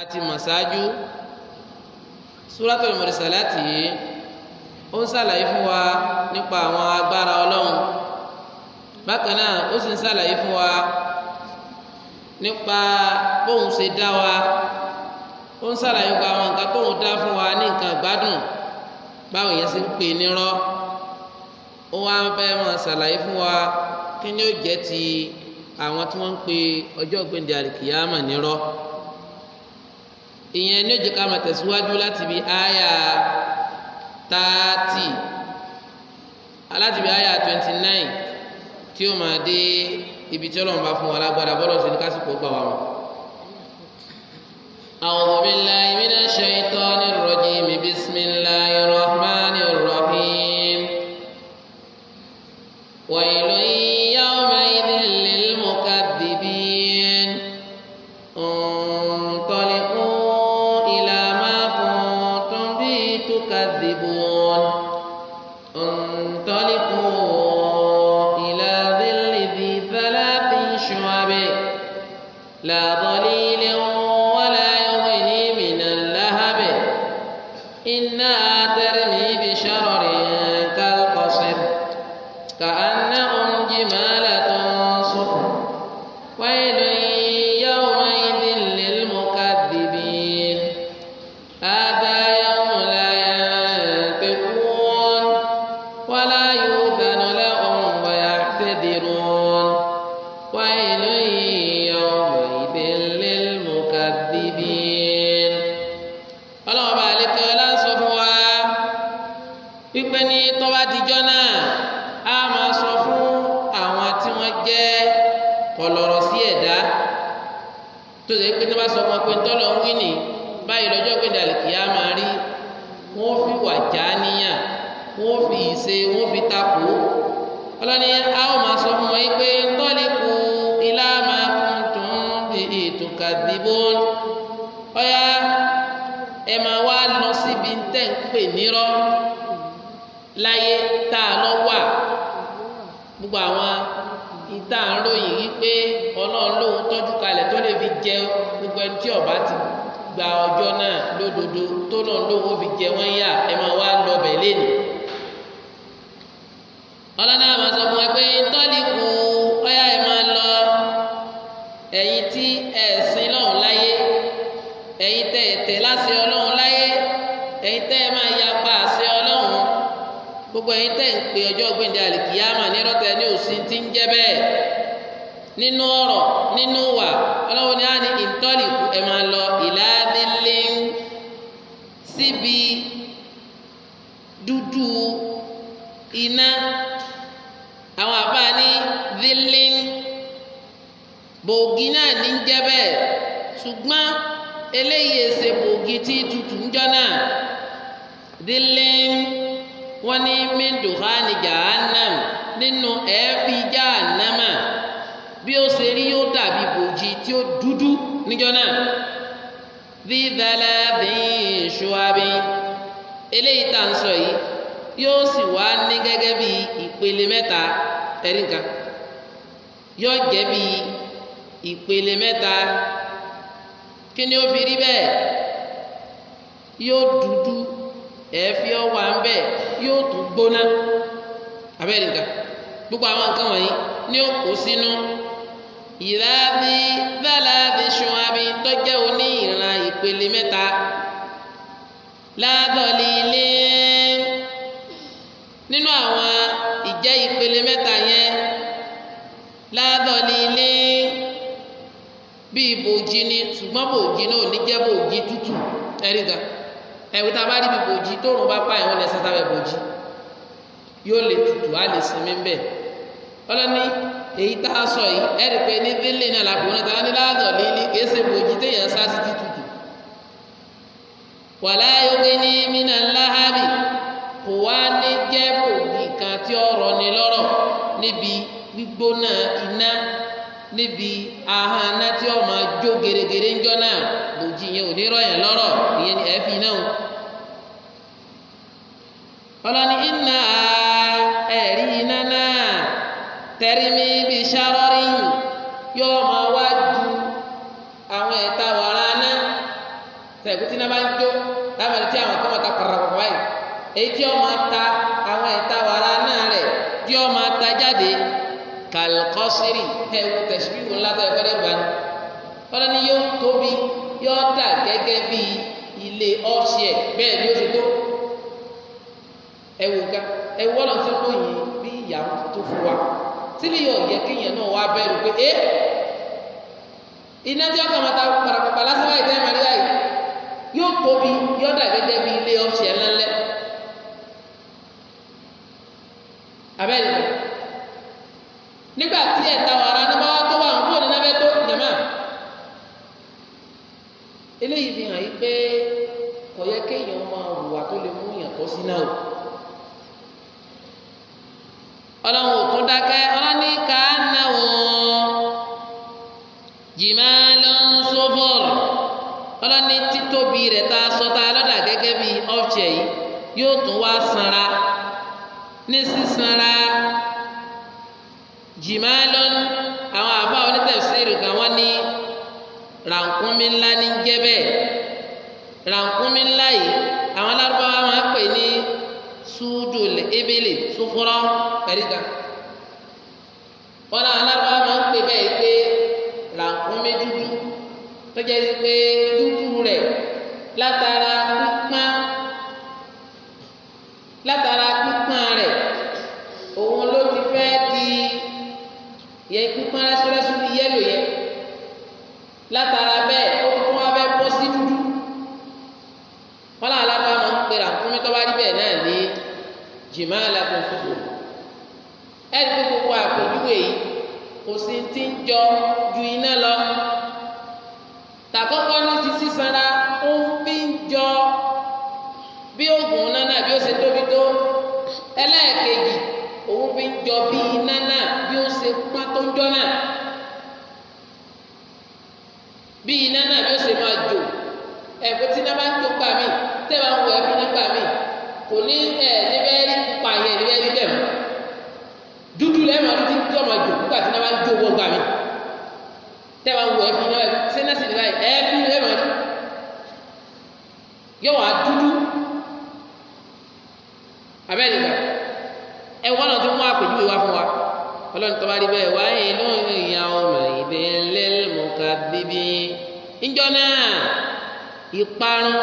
àti mọ̀ṣáájú Suratul Mursalati yìí ó ń ṣàlàyé fún wa nípa àwọn agbára Ọlọ́run bákan náà ó sì ń ṣàlàyé fún wa nípa bóun ṣe dá wa ó ń ṣàlàyé nípa àwọn nǹkan tóun dá fún wa ní nǹkan gbádùn báwo yẹn ṣe ń pè é nírọ́ ó wá ń fẹ́ máa ṣàlàyé fún wa kí ni ó jẹ́ ti àwọn tí wọ́n ń pe ọjọ́ ìgbéǹde àlìkìyámà nírọ́ ìyẹn ní ó jẹ́ ká máa tẹ̀síwájú láti bí àyà tààtì láti bí àyà twenty nine tí ó máa dé ibi tí ọlọ́run bá fún wa lágbára bọ́lọ̀ sí ní kásìkò gbà wá wọn. أعوذ بالله من الشيطان الرجيم بسم الله لا ظليل ولا يغني من اللهب إنها ترمي بشرر كالقصر كأنه جمالة صفر ويل يومئذ للمكذبين هذا يوم لا ينطقون ولا يؤذن لهم bá sọ fún pé tọ́lọ̀ ń wí nì báyìí lọ́jọ́ pé dàlùkì á máa rí wọ́n fi wà já níyàn wọ́n fi ìṣe wọ́n fi takò ọlọ́ni a ó máa sọ fún wọn pé tọ́lẹ̀ kù ilá máa kún tún bí ètò kàdìbò ọ̀yà ẹ máa wá lọ síbi tẹ́ ń pè nírọ́ láyé tá a lọ wà gbogbo àwọn. lóhùn wípé ọlọ́run lóhùn tọ́jú kalẹ̀ tó lè fi jẹ gbogbo ẹni tí ọba ti gba ọjọ́ náà lódodo tó na lóhùn fi jẹ wọ́n yá ẹ máa lọ bẹ̀ lẹ́nu. sọ fún wa pé kù lọ ẹ̀yin tí ẹ̀sìn lọ́hùn láyé ẹ̀yin tẹ̀ ẹ̀tẹ̀ láṣẹ ọlọ́run láyé ẹ máa ya pa àṣẹ ọlọ́run gbogbo ẹ̀yin tẹ́ ń pe ọjọ́ ní ní ń jẹ́ nínú ọ̀rọ̀ nínú wà ọlọ́run ni a ní ìtọ́lì ẹ máa lọ ìlàdínlẹ́yìn síbi dúdú iná àwọn àbá ní dílín bògì náà ní jẹ́ bẹ́ẹ̀ ṣùgbọ́n eléyìí èsè bògì tí tutù ń jọ náà dílín wọ́n ní mẹ́ndùhánì jahannam nínú ẹ̀ẹ́fì jahannama bí ó ṣe rí yóò dàbí bòjì tí ó dúdú níjọ́ náà bí dhalabin shu'abin eléyìí tá à ń sọ yìí yóò sì wá ní gẹ́gẹ́ bí ìpele mẹ́ta tẹ́lẹ̀ nǹkan yóò jẹ́ bí ìpele mẹ́ta kí ni ó fi rí bẹ́ẹ̀ yóò dúdú ẹ̀ẹ́fì ọ̀wà ń bẹ̀ yóò tún gbóná abẹ́rẹ́ gbogbo àwọn nǹkan wọ̀nyí ni ó kó sínú ìrábí bálábí ṣùnwábí tọ́jẹ́ oní ìran ìpele mẹ́ta láàdọ̀lì ilé nínú àwọn ìjẹ́ ìpele mẹ́ta yẹn láàdọ̀lì ilé bíi bòjì ni ṣùgbọ́n bòjì náà ní jẹ́ bòjì tútù ẹ̀rí gan ẹ̀wù tá a bá rí bíi bòjì tóòrùn bá pa ìwọ̀n lẹ́sẹ̀ sábẹ́ bòjì yóò lè tutù á lè sinmi bẹ́ẹ̀ ọlọ́ni. èyí tá a sọ yìí ẹ̀rì pé ní délé náà tá a ní láàdọ̀ líle kìí ṣe bòjì téèyàn sá sí tútù wàlá yogi ní mina láhàbì kò wá ní jẹ́ bòjì kan tí rọ ni lọ́rọ̀ níbi gbígbóná iná níbi tí ó máa jó gèrègèrè náà bòjì yẹn ò ní lọ́rọ̀ ìyẹn ni tẹrìmí bí sárọrìn yóò máa wá ju àwọn ẹ̀ta wàrà náà tẹ̀kú tí náà bá ń jó lábàlẹ̀ tí àwọn tó máa ta pàrọ̀pàrọ̀ báyìí èyí tí ó máa ta àwọn ẹ̀ta wàrà náà rẹ̀ tí ó máa jáde kàlùkọ́sírì ẹ̀wù tẹ̀síbíwò ńlá tó ẹ̀fẹ́ dẹ́gbà ni wọ́n ní yóò tóbi yóò dà gẹ́gẹ́ bí ilé ọ́fṣẹ́ bẹ́ẹ̀ ni ó ṣe tó ẹ̀wù ga ẹ̀wù wọ́n lọ yìí bí ìyàwó tó fún wa tílé yóò jẹ́ kéèyàn náà wá bẹ̀rù pé é eh, iná tí wọ́n kàn máa ta parapapa lásán báyìí tẹ́ màrí báyìí yóò tóbi yóò dà gẹ́gẹ́ bí ilé ọ̀ṣẹ́ ńlẹ́ńlẹ́ abẹ́rẹ́ rẹ̀ nígbà tí ẹ̀ta wàrà ní báwa tó wà ń kó nínú abẹ́ tó jàmá eléyìí fi hàn yí pé kò yẹ kéèyàn máa hùwà tó lè mú yàn tọ́ sí náà ọlọ́run kàkẹ́ ọlọ́ni kàánà wọ́n jìmá ló ń sọ́bọ̀rọ̀ ọlọ́ni títóbi rẹ̀ tá a sọ tá a lọ́dà gẹ́gẹ́ bí ọ̀fṣẹ̀ yìí yóò tún wá sanra ní sísanra jìmá ló ń àwọn àbá onítẹ̀síìrì kan wọ́n ní rànkúnmí ńlá ní jẹ́bẹ̀ rànkúnmí ńlá yìí àwọn alárúbáwá máa ń pè ní súdùl ébélé sófúrọ́ pẹ̀lú ìgbà wọn náà alábàá máa ń pè bẹ́ẹ̀ pé làǹkúnmé dúdú tó jẹ́ pé dúdú rẹ̀ látara pípán àdúgbò yìí kò sí ti ń jọ ju iná lọ tàkọ́kọ́ ní ti sísanra ó ń fi ń jọ bí oògùn iná náà bí ó ṣe tóbi tó ẹlẹ́ẹ̀kejì òun fi ń jọ bí iná náà bí ó ṣe pọ́n tó ń jọ náà bí iná náà bí ó ṣe máa jò ẹ̀kú tí iná bá ń jó pa mí tẹ́ ń wọ ẹ̀fín nípa mí kò ní ẹ̀ẹ́dẹ́. ń jó owó gbà mí tẹ́ bá ń wọ ẹbí náà sẹ́nẹ́sì ní báyìí ẹbí ẹ̀rọ yóò wá dúdú abẹ́rẹ́ gbà ẹ wọ́n náà tó mú àpèjúwe wá fún wa ọlọ́run tó bá rí bẹ́ẹ̀ wá inú ìyá ọmọ ìdè lẹ́lẹ́mọ̀ká bíbí ńjọ náà ìparun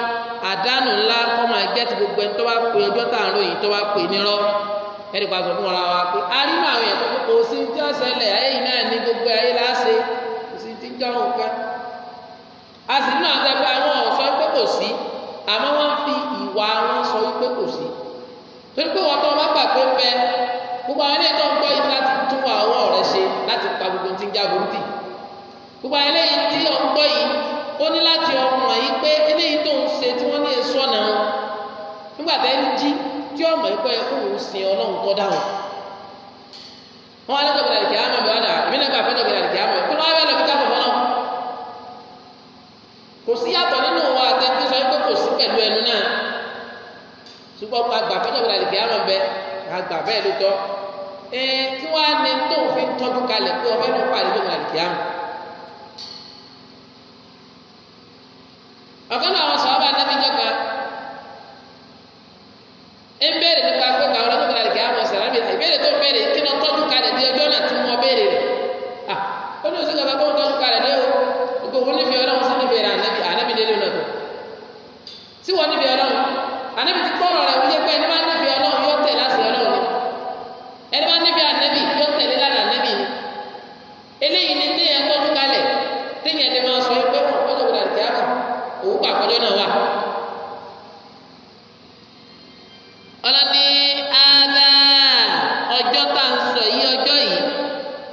àdánù ńlá kọ́ máa jẹ́ ti gbogbo ẹni tó bá pe ọjọ́ tààrọ̀ yìí tó bá pe nírọ́ ẹni pa sọ fún wọn wa pé arínú àwọn èèyàn tó kó kò sí tí ó ṣẹlẹ̀ ayé yìí náà ní gbogbo ayé láṣẹ kò sí tí ń jọ òun kan a sì nínú àwọn ẹgbẹ́ àwọn ọ̀sọ́ pé kò sí àmọ́ wọ́n fi ìwà wọn sọ pé kò sí torí pé wọ́n tó wọ́n gbà pé pẹ́ gbogbo àwọn eléyìí tó ń gbọ́ yìí láti tún àwọ̀ rẹ̀ ṣe láti pa gbogbo tí ń já burúkú gbogbo àwọn eléyìí yìí tí wọ́n tí ọmọ ẹ̀kọ́ yẹ kó wò ó sin ọlọ́run kọ́ dáhùn wọn alẹ́ tọ́gbìn àdìgí àmọ́ mi wà dà èmi náà fẹ́ tọ́gbìn àdìgí àmọ́ kó lọ́wọ́ bẹ́ẹ̀ lọ fi náà kò sí yàtọ̀ nínú wa àtẹ́tí sọ pé kò sí pẹ̀lú ẹnu náà ṣùgbọ́n àgbà fẹ́ tọ́gbìn àdìgí àmọ́ bẹ àgbà bẹ́ẹ̀ ló tọ́ ẹ kí wàá ní tóun fi tọ́jú kalẹ̀ pé ọ ọlọ́ni ada ọjọ́ tá à ń sọ yí ọjọ́ yìí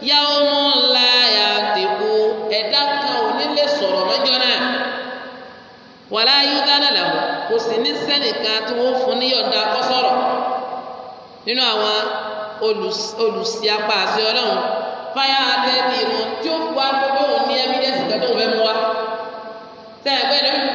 yá ó mú ńlá àtẹ̀kù ẹ̀dá kan ò ní lè sọ̀rọ̀ lọ́jọ́ náà wàlá ayúdánà làwọn kò sì ní sẹ́nìkan tí wọ́n fún ní ọ̀dà kọ́sọ̀rọ̀ nínú àwọn olùsí apá àti ọlọ́run fáyà àtẹ̀kù ìmọ̀ tí ó fún wa gbogbo òun ní evidence kan tó ń fẹ́ mú wa tẹ́ ẹ̀gbẹ́ lórí.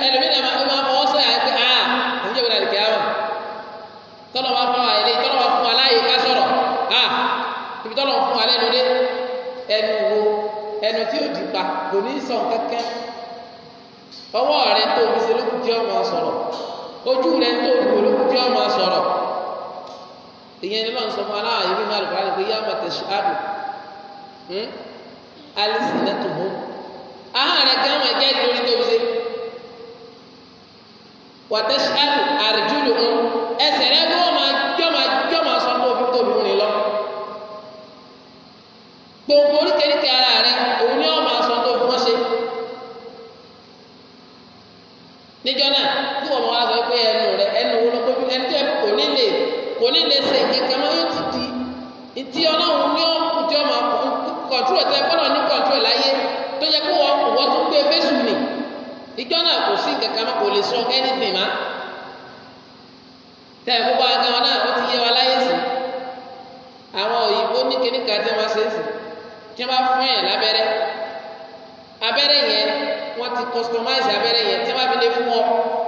ìyẹn ni lọ́n sọ fún aláàyè bí máa lùkọ́ pé yáwó tẹ̀ ṣáàdù alice neto mú ahàrẹ kí wọn jẹ́ lórí tó ṣe wàtẹ̀ ṣáàdù àrùjúlù mú ẹsẹ̀ rẹ bí wọ́n máa jọ́ máa jọ́ máa sọ fún òfin tóbi rìn lọ gbogbo oríkèéríkè ara rẹ òun ni wọ́n máa sọ tó fún wọn ṣe níjọ́ náà. kò ní lè ṣe kẹkẹ mọ́ yóò ti di ìtì ọlọ́run ní ọ̀hún tí ọmọ kọ̀ọ̀tù ọ̀tẹ fọlọ́ ní kọ̀ọ̀tù láyé tó yẹ kó wọ́n wọ́n tó gbé fésù mi ìjọ náà kò sí kẹkẹ mọ́ kò lè sọ anything má tẹ ẹ gbogbo aga wọn náà ó ti yé wa láyé sí àwọn òyìnbó ní kíníkà tí wọn ṣe é sí tí wọn bá fún yẹn lábẹ́rẹ́ abẹ́rẹ́ yẹn wọ́n ti customize abẹ́rẹ́ yẹn tí wọ́n fi lè fún ọ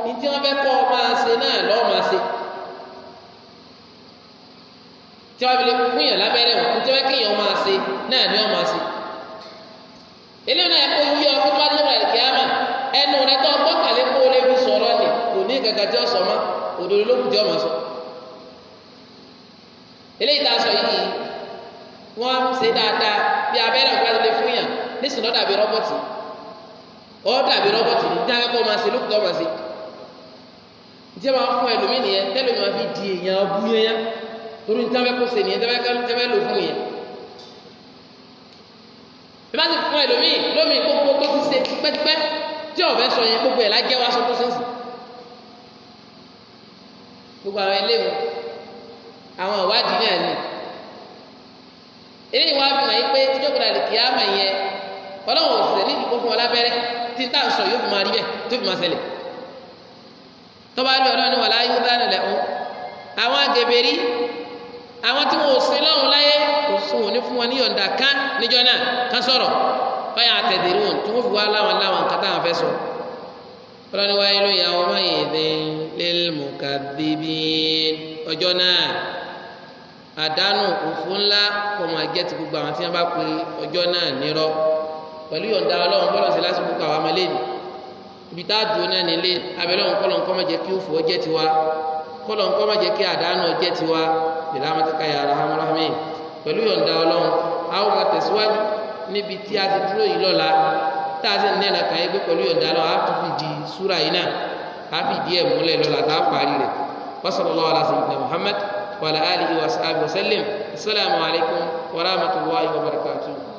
ní tí wọ́n fẹ́ ọ máa ṣe náà lọ́ọ́ máa ṣe. tí wọ́n fi fún yàn lábẹ́rẹ́ wọn tí wọ́n kí máa ṣe náà ni wọ́n máa ṣe. eléyìí náà kó yí ọ fún ìwà ẹnu rẹ tó gbọ́kànlé kó lè fi sọ̀rọ̀ kò ní gàgà tí ó mọ́ òdòdó ló kù sọ. eléyìí tá a sọ yìí wọ́n ṣe dáadáa bí abẹ́rẹ́ torí ní tẹ́wẹ́ kó se nìyẹn tẹ́wẹ́ lò fún yẹn bí bá ti fún ẹlòmíì lómi gbogbo tó ti ṣe tipẹ́tipẹ́ tí ọ̀bẹ sọ yẹn gbogbo ẹ̀ lájẹ́ wá sọ́kó sẹ́sì gbogbo àwọn eléwu àwọn ìwádìí náà ni eléyìí wá fi hàn yí pé tíjọ́ gbọdọ̀ lè kí á mà yẹn ọlọ́run òṣìṣẹ́ nídìí kó fún ọ lábẹ́rẹ́ tí tá à ń sọ yóò fi máa rí bẹ́ẹ̀ tó fi máa ṣẹlẹ̀ tọ́ba rí ọlọ́run wà láyé ó dáná lẹ̀ ń àwọn agbèbèrè àwọn tí wọn ò sin lọ́hùn láyé kò sún òní fún wọn ní yọ̀ǹda kan níjọ́ náà kan sọ̀rọ̀ báyà àtẹ̀dẹ̀rẹ̀ wọn tí wọ́n fi wá láwọn láwọn nǹkan táwọn fẹ́ sọ. ọlọ́ni wáyé ló yà wọ́n máa yẹ̀ dín lẹ́lẹ́mùkàdébí ọjọ́ náà àdánù òfu ńlá kò máa jẹ́ ti gbogbo àwọn tí wọ́n bá pe ọjọ́ náà nírọ́ pẹ̀lú yọ̀ǹda ọlọ́run bọ́lọ̀ sí lásìkò gbogbo àwọn ọmọ lẹ́nu ibi tá a dùn náà nílé abẹ́lẹ́ òun kọ́ kọlọ̀ nǹkan má jẹ́ kí àdánù jẹ́ tiwa ìlàmọ́tẹ́ka ya arahamu rahmi pẹ̀lú yọ̀ǹda ọlọ́run a ó máa tẹ̀síwájú níbi tí a ti dúró yìí lọ́la tá a sì ní ẹ̀rọ kan yẹ pé pẹ̀lú yọ̀ǹda ọlọ́run a tún fi di súra yìí náà a fi di ẹ̀ múlẹ̀ lọ́la tá a parí rẹ̀ wasalaamu alaykum muhammad wa ala alihi wa sallam asalaamu alaykum wa rahmatulahi wa barakatuh.